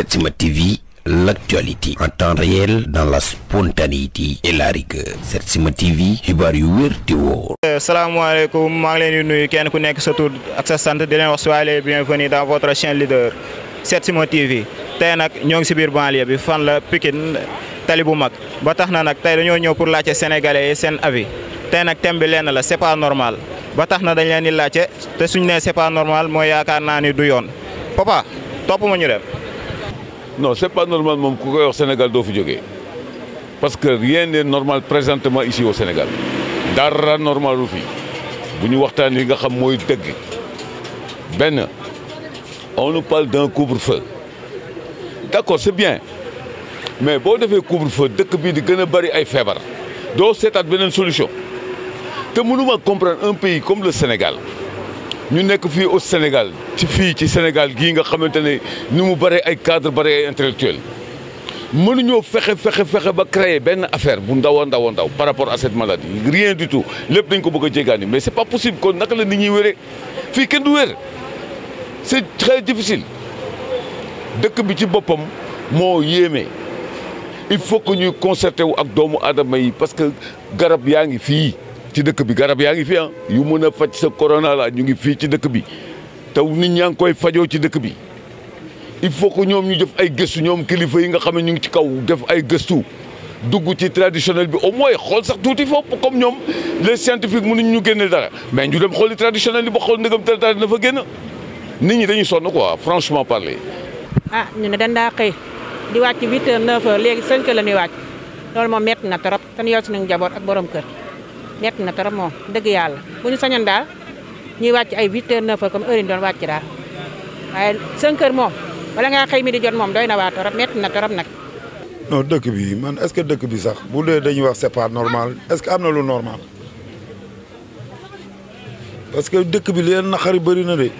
Setsima TV l'actualité en temps réel dans la spontanéité et la rigueur Setsima TV xibaar yu wér di wóor. Euh, salaamaaleykum maa ngi leen di nuyu kenn ku nekk sa tur ak sa sant di leen wax soyez les bienvenus dans votre chaîne leader Setsima TV tey nag ñoo ngi si biir banlieue bi fan la Pikine tali bu mag ba tax na nag tey dañoo ñëw pour laajte sénégalais yi seen avis tey nag tembi leen lenn la c'est pas normal ba tax na dañ leen di laajte te suñ nee c'est pas normal mooy yaakaar naa ni du yoon non c'est pas normal moom ku koy wax Sénégal doo fi jógee parce que rien n'est normal présentement ici au Sénégal dara normalu fi bu ñu waxtaan li nga xam mooy dëgg benn on nous parle d'un couvre-feu d'accord c'est bien mais boo defee couvre-feu dëkk bii di gën a bari ay feebar doo seetaat beneen solution te mënuma comprendre un pays comme le Sénégal ñu nekk fii au Sénégal ci fii ci Sénégal gii nga xamante ne ni mu bare ay cadre bare ay intellectuel mënuñoo fexe fexe fexe ba créer benn affaire bu ndaw a ndaw a ndaw par rapport à cette maladie rien du tout lépp dañ ko bëgg a jéggaani mais c'est pas possible kon naka la nit ñuy wéree fii kenn du wér c'est très difficile dëkk bi ci boppam moo yéeme il faut que ñuy concerté wu ak doomu aadama yi parce que garab yaa ngi fii ci dëkk bi garab yaa ngi fi ah. yu mën a faj sa corona la ñu ngi fii ci dëkk bi taw nit ñaa ngi koy fajoo ci dëkk bi il faut que ñoom ñu def ay gëstu ñoom kilifa yi nga xam ne ñu ngi ci kaw def ay gëstu dugg ci traditionnel bi au moins xool sax tuuti foofu comme ñoom les scientifiques mënuñ ñu génne dara mais ñu dem xooli traditionnel bi ba xool ndëgam teel na fa génn nit ñi dañuy sonn quoi franchement parler. ah ñu ne dañ daa xëy di wàcc huit heures neuf heures léegi cinq heures moom métti na trop te ñu yor suñu njaboot ak borom kër. nett na trop moom dëgg yàlla bu ñu sañoon daal ñuy wàcc ay 8 heures 9 heures comme heure yi ñu doon wàcc daal waaye 5 moom wala ngaa xëy mi di jot moom doy na waa trop nett na trop nag. non dëkk bi man est-ce que dëkk bi sax bu dee dañuy wax c'est pas normal est-ce que am na lu normal parce que dëkk bi leen na bëri na de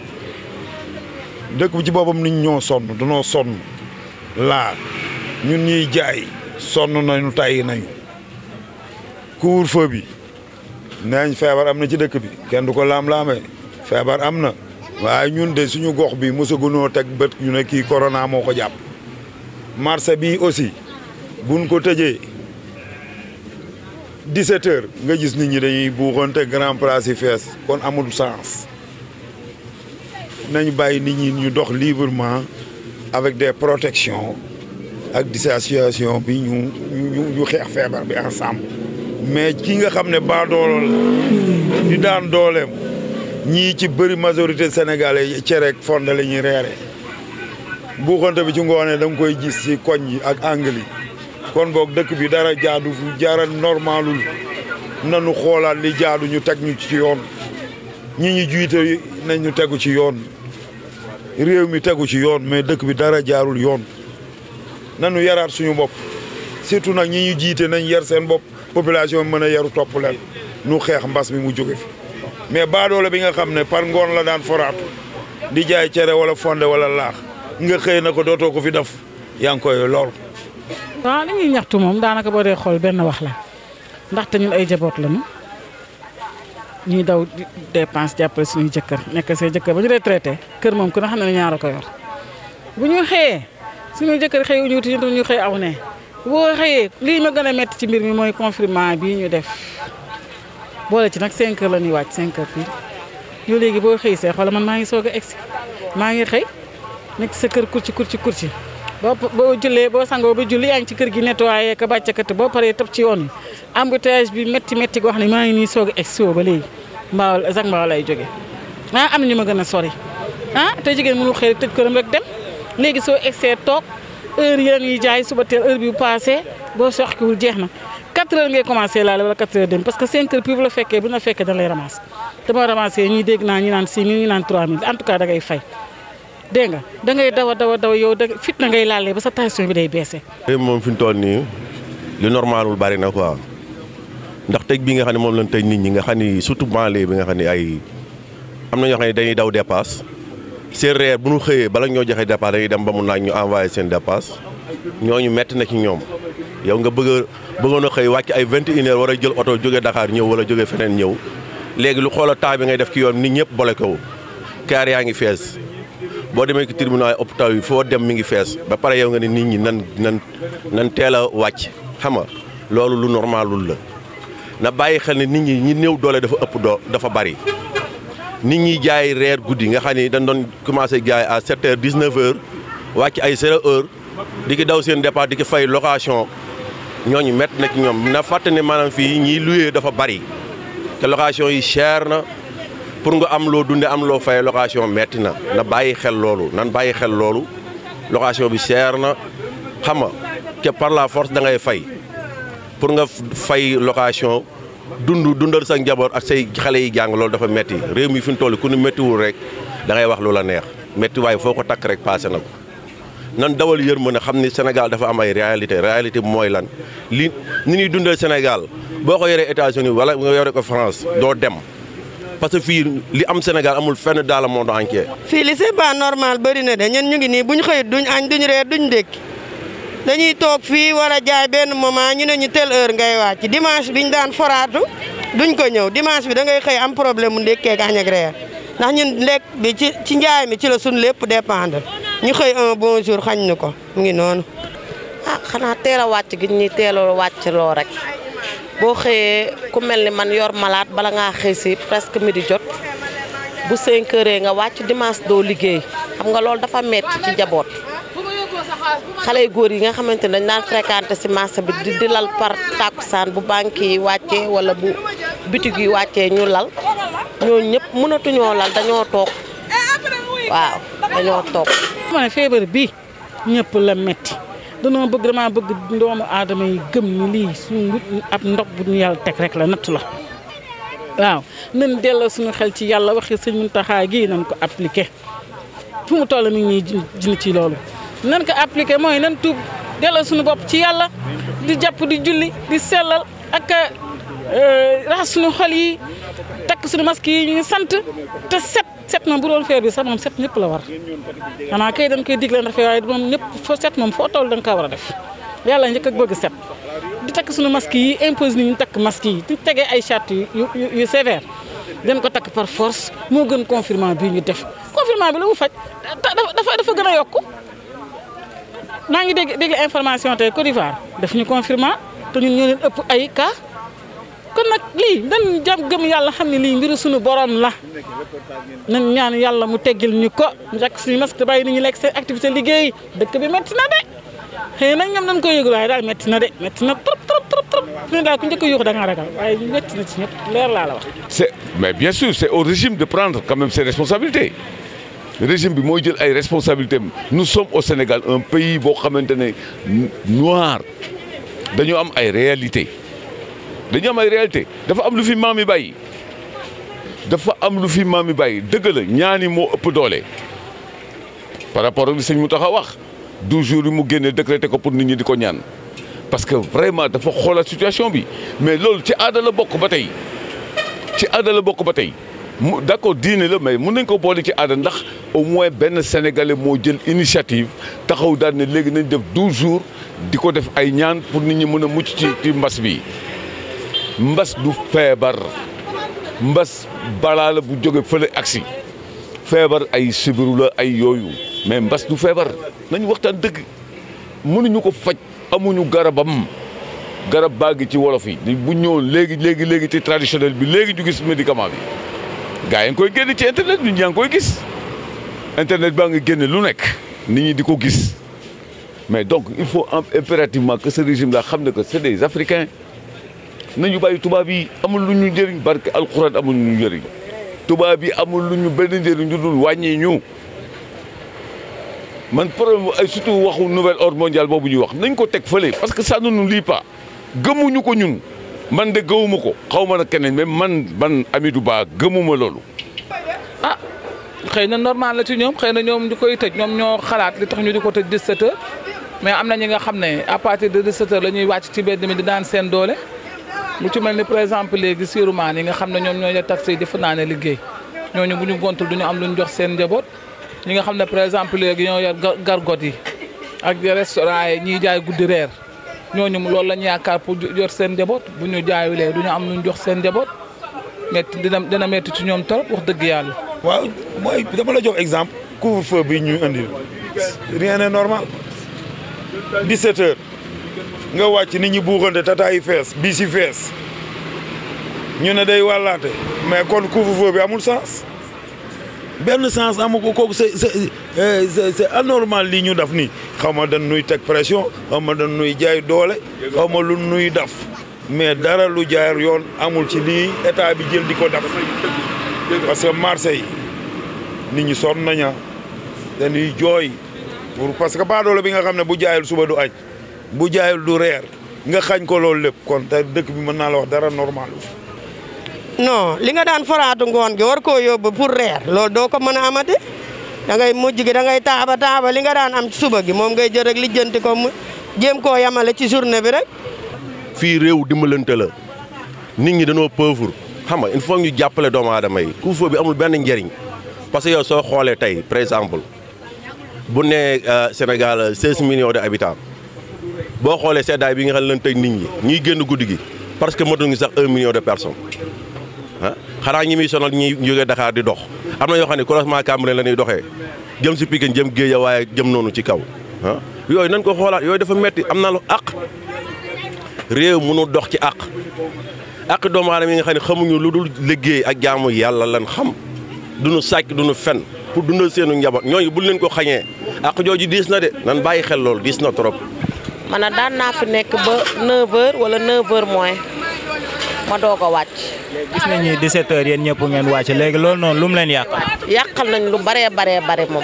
dëkk bi ci boppam nit ñoo sonn danoo sonn laa ñun ñuy jaay sonn nañu tàyyi nañu couvre-feu bi. neeñ feebar am na ci dëkk bi kenn du ko laam-laamee feebar am na waaye ñun de suñu gox bi mosagunoo teg bët ñu ne kii corona moo ko jàpp marché bi aussi buñ ko tëjee 17 heures nga gis nit ñi dañuy buuxante grand place yi fees kon amul sens nañ bàyyi nit ñi ñu dox librement avec des protections ak distanciation bi ñu ñu ñu xeex feebar bi ensemble mais ki nga xam ne baadoola la di daan dooleem ñii ci bëri majorité sénégalais yi cereek fonde la ñuy reere buuxante bi ci ngoonee da nga koy gis ci koñ yi ak angle yi kon book dëkk bi dara jaadu fu jara normalul nanu xoolaat li jaadu ñu teg ñu ci yoon ñi ñu jiite nañ ñu tegu ci yoon réew mi tegu ci yoon mais dëkk bi dara jaarul yoon nanu yaraat suñu bopp surtout nag ñi ñu jiite nañ yar seen bopp population bi mën a yaru topp leen nu xeex mbas mi mu jóge fi mais baadoola bi nga xam ne par ngoon la daan foraatu di jaay cere wala fonde wala laax nga xëy na ko dootoo ko fi def yaa ngi koy lool. waaw li ñuy ñaxtu moom daanaka boo dee xool benn wax la ndaxte ñun ay jaboot lañu ñuy daw dépense jàppale suñuy jëkkër nekk see jëkkër ba ñu retraité kër moom ku ne xam ne ñaar a ko bu ñu xëyee suñuy jëkkër xëy ñu wuti ñu xëy aw ne. boo xëyee lii ma gën a métti ci mbir mi mooy confinement bii ñu def boole ci nag 5 heures la ñuy wàcc 5 heures pile yow léegi boo xëy see xoolal man maa ngi soog a egsi maa ngi xëy nekk sa kër kurci kurci kurci boo boo jullee boo sangoo ba julli a ngi ci kër gi nettoyé ka bàccakat boo paree tëb ci yoon yi embouteillage bi métti métti goo wax ne maa ngi nii soog a egsi ba léegi mbaaw sax mbaaw lay joge ah am na ñu ma gën a sori ah te jigéen mënul xëy tëj këram rek dem léegi soo egsee toog heure yi ñuy jaay suba teel heure bi bu passé boo soxkiwul jeex na 4 heures ngay laale wala 4 heures parce que 5 heures puis bu la fekkee bu na fekkee da lay ramasse te boo ramassé ñuy dégg naa ñu naan 6 000 ñu naan 3 000 en tout cas da ngay fay dégg nga da ngay daw a daw yow da fit na ngay laalee ba sa tension bi day baissé. moom fi mu toll nii lu normalul bari na quoi ndax teg bi nga xam ne moom lañ tëj nit ñi nga xam ni surtout banlieue bi nga xam ne ay am na ñoo xam dañuy daw dépasse. seen reer bu ñu xëyee bala ñoo joxe dépense dañuy dem ba mu naaj ñu envoyé seen ñoo ñu metti na ci ñoom yow nga bëgg a bëggoon a xëy wàcc ay vingt et une war a jël oto jóge Dakar ñëw wala jóge feneen ñëw léegi lu xoola temps bi ngay def ci yoon nit ñëpp bole ko kaar yaa ngi fees boo demee ci opp hôpital yi foo dem mi ngi fees ba pare yow nga ne nit ñi nan nan nan teel a wàcc xam nga loolu lu normalul la na bàyyi xel ne nit ñi ñi néew doole dafa ëpp doo dafa bari nit ñi jaay reer guddi nga xam ni dañ doon commencé jaay à sept heures dix neuf heures wàcc ay zéro heure di ki daw seen départ di ki fay location ñooñu mett na ci ñoom na fàtte ne maanaam fii ñii loué dafa bari te location yi cher na pour nga am loo dunde am loo fay location metti na na bàyyi xel loolu nan bàyyi xel loolu location bi cher na xam nga te par la force da ngay fay pour nga fay location dund dundal sa njaboot ak say xale yi jàng loolu dafa metti réew mi fi mu toll ku nu méttiwul rek da ngay wax lu la neex métti waaye foo ko takk rek passé na ko nan dawal mën a xam ni Sénégal dafa am ay réalité réalité mooy lan li ni ñuy dundal Sénégal boo ko yoree États-Unis wala nga yore ko France doo dem parce que fii li am Sénégal amul fenn dans le monde entier. fii li c'est pas normal bari na de ñun ñu ngi nii bu ñu xëyut duñ añ duñ reer duñ dékki. dañuy toog fii war a jaay benn moment ñu ne ñu telle heure ngay wàcc dimanche biñ daan foraatu duñ ko ñëw dimanche bi da ngay xëy am problème mu ndékkee ak añ ndax ñu lekk bi ci ci njaay mi ci la suñ lépp dépendre ñu xëy un bon jour xañ na ko mu ngi noonu. ah xanaa teel a wàcc gi ñu teel a wàcc loo rek boo xëyee ku mel ni man yor malaat bala ngaa xëy si presque midi jot bu 5 heures nga wàcc dimanche doo liggéey xam nga loolu dafa metti ci jaboot. xale yu góor yi nga xamante ne dañ daan fréquenté si marché bi di lal par tàkkusaan bu banque yi wàcce wala bu bitig yi wàccee ñu lal ñoo ñëpp mënatuñoo lal dañoo toog waaw dañoo toog. ma ne feebar bi ñëpp la metti danoo bëgg dama bëgg doomu aadama yi gëm ni lii suñu ab ndox bu ñu yàlla teg rek la natt la waaw nañ delloo suñu xel ci yàlla waxi sëñ Muntaxa gi nañ ko appliqué fu mu toll nii ñuy jënd ci loolu. nan ko appliqué mooy nan suñu bopp ci yàlla di jàpp di julli di sellal ak euh, raxas suñu xol yi takk suñu masque yi ñu ngi sant te set set moom bu doon feer bi sax moom set ñëpp la war xanaa kay dañ koy digle ndax waaye moom ñëpp foo set moom foo toll da nga kaa war a def yàlla njëkk ak bëgg set di takk suñu masque yi impose ni ñu takk masque yi di tegee ay charte yu yu dan ko takk par force moo gën confinement bii ñu def confinement bi la mu faj dafa naa ngi dégg dégg information tey Côte d'Ivoire daf ñu confirmer te ñun ñoo ëpp ay ka kon nag lii dañ jam gëm yàlla xam ne lii mbiru suñu borom la nañ ñaan yàlla mu teggil ñu ko njëkk suñu masque bàyyi ni ñu lekk seen activité liggéey dëkk bi métti na de xëy na ñoom dañ koy yëgul waaye daal métti na de métti na trop trop trop trop ne daal ku njëkk a yuux da ngaa ragal waaye métti na ci ñëpp leer laa la wax. c'est mais bien sûr c'est au régime de prendre quand ses responsabilités. résime bi mooy jël ay responsabilités am nous sommes au Sénégal un pays boo xamante ne noir dañoo am ay réalité dañu am ay réalité dafa am lu fi maam yi bàyyi dafa am lu fi maam yi bàyyi dëgg la ñaani moo ëpp doole par rapport ak li sëñ mu tax a wax douze jours yi mu génne décrété ko pour nit ñi di ko ñaan parce que vraiment dafa xoolal situation bi mais loolu ci aada bokk ba tey ci aada la bokk ba tey mu d' accord diine la mais mun nañ ko boole ci aada ndax au moins benn sénégalais moo jël initiative taxaw daal ne léegi nañ def douze jours di ko def ay ñaan pour nit ñi mën a mucc ci ci mbas bi mbas du feebar mbas balaa la bu jóge fële aksi feebar ay sibiru la ay yooyu mais mbas du feebar nañ waxtaan dëgg mënuñu ko faj amuñu garabam garab baa ngi ci wolof yi bu ñëw léegi léegi léegi ci traditionnel bi léegi ñu gis médicament bi gaa yi nga koy génn ci internet ñi ñaa ngi koy gis internet baa ngi génne lu nekk nit ñi di ko gis mais donc il faut impérativement que ce régime là xam ne ko c'est des africains nañu bàyyi tubaab yi amul lu ñu njëriñ barke alxuraan amul lu ñu njëriñ tubaab yi amul lu ñu benn njëriñ ñu dul wàññi ñu man problème ay surtout waxu nouvel ordre mondial boobu ñuy wax nañ ko teg fële parce que ça ne nous lie pas gëmuñu ko ñun man de gëwuma ko xaw ma nag keneen mais man man Amidou baa gëmuma loolu. ah xëy na normal la ci ñoom xëy na ñoom ñu koy tëj ñoom ñoo xalaat li tax ñu di ko tëj 17 mais am na ñi nga xam ne à partir de 17 heures la ñuy wàcc ci mbedd mi di daan seen doole lu ci mel ni par exemple léegi sirumaan yi nga xam ne ñoom ñoo yor taxi di fanaane liggéey ñooñu bu ñu gontul du ñu am lu ñu jox seen njaboot ñi nga xam ne par exemple léegi ñoo yor gargot yi ak restaurant yi ñiy jaay guddi reer. ñooñu loolu lañu yaakaar pour jot seen njaboot bu ñu jaayulee du ñu am lu ñu jox seen njaboot métti dina dina métti ci ñoom trop wax dëgg yàlla. waaw mooy dama la jox exemple. couvre-feu bi ñuy indil rien n'est normal 17 heures nga wàcc nit ñi buuxante tata yi fees bii si fees ñu ne day wàllaate mais kon couvre-feu bi amul sens benn sens amu ko kooku Eh, c' est anormal li ñu def nii xaw ma dañ nuy teg pression xaw ma nuy jaay doole xaw ma lu nuy def mais dara lu jaar yoon amul ci lii état bi jël di ko daf parce que marché yi nit ñi sonn naña dañuy jooy pour parce que baadoole bi nga xam ne bu jaayul suba du añ bu jaayul du reer nga xañ ko loolu lépp kon te dëkk bi mën naa la wax dara normal non li nga daan faraatu ngoon gi war koo yóbbu pour reer loolu doo ko mën a amati da ngay mujj gi da ngay taaba taaba li nga daan am suba gi moom ngay jël rek lijjanti ko mu jéem koo yamale ci journée bi rek. fii réew dimbalante la nit ñi dañoo pauvre xam nga il faut ñu jàppale doomu aadama yi couvre-feu bi amul benn njëriñ parce que soo xoolee tey par exemple bu nee euh, Sénégal 16 millions de habitants boo xoolee seddaay bi nga xam ne lan tey nit ñi ñuy génn guddi gi parce que matuñu sax 1 million de personnes. xanaa ñi muy sonal ñi jógee Dakar di dox am na yoo xam ne croisement Cambérène la ñuy doxee jëm si Pikine jëm Géeja waaye jëm noonu ci kaw ah yooyu nañ ko xoolaat yooyu dafa metti am na lu àq réew mënu dox ci àq àq doomu aadama yi nga xam ne xamuñu lu dul liggéey ak jaamu yàlla lan xam dunu sàcc duñu fen pour dundal seenu njaboot ñooñu buñ leen ko xañee àq jooju diis na de nan bàyyi xel loolu diis na trop. man daan naa nekk ba 9h wala 9 ma doog a wàcc. gis nañ ni 17h yéen ñëpp ngeen wàcc léegi loolu noonu lu mu leen yàqal. yàqal nañ lu baree baree bare moom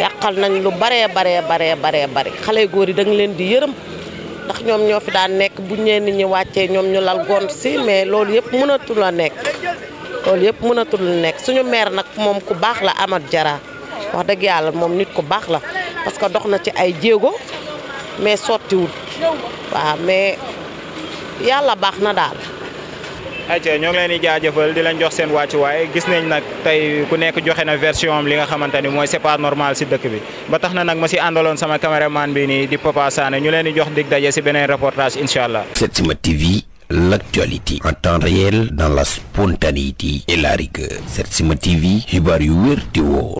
yàqal nañ lu baree baree baree baree bare xale góor yi da leen di yërëm ndax ñoom ñoo fi daan nekk bu ñeen ñi wàccee ñoom ñu lal gont si mais loolu yëpp mënatul a nekk loolu yëpp mënatul nekk suñu meer nag moom ku baax la amat Diarra wax dëgg yàlla moom nit ku baax la parce que dox na ci ay jéego mais sottiwul waaw mais yàlla baax na daal. acca ñoo ngi leen di jaajëfal di leen jox seen wàccuwaay gis nañ nag tey ku nekk joxe na version am li nga xamante ni mooy c'est pas normal si dëkk bi ba tax na nag ma si àndaloon sama caméraman bi nii di Papa ñu leen di jox dig daje si beneen reportage incha allah. Setsima TV l'actualité en temps réel dans la spontanéité et la rigueur Setsima TV xibaar yu wér woo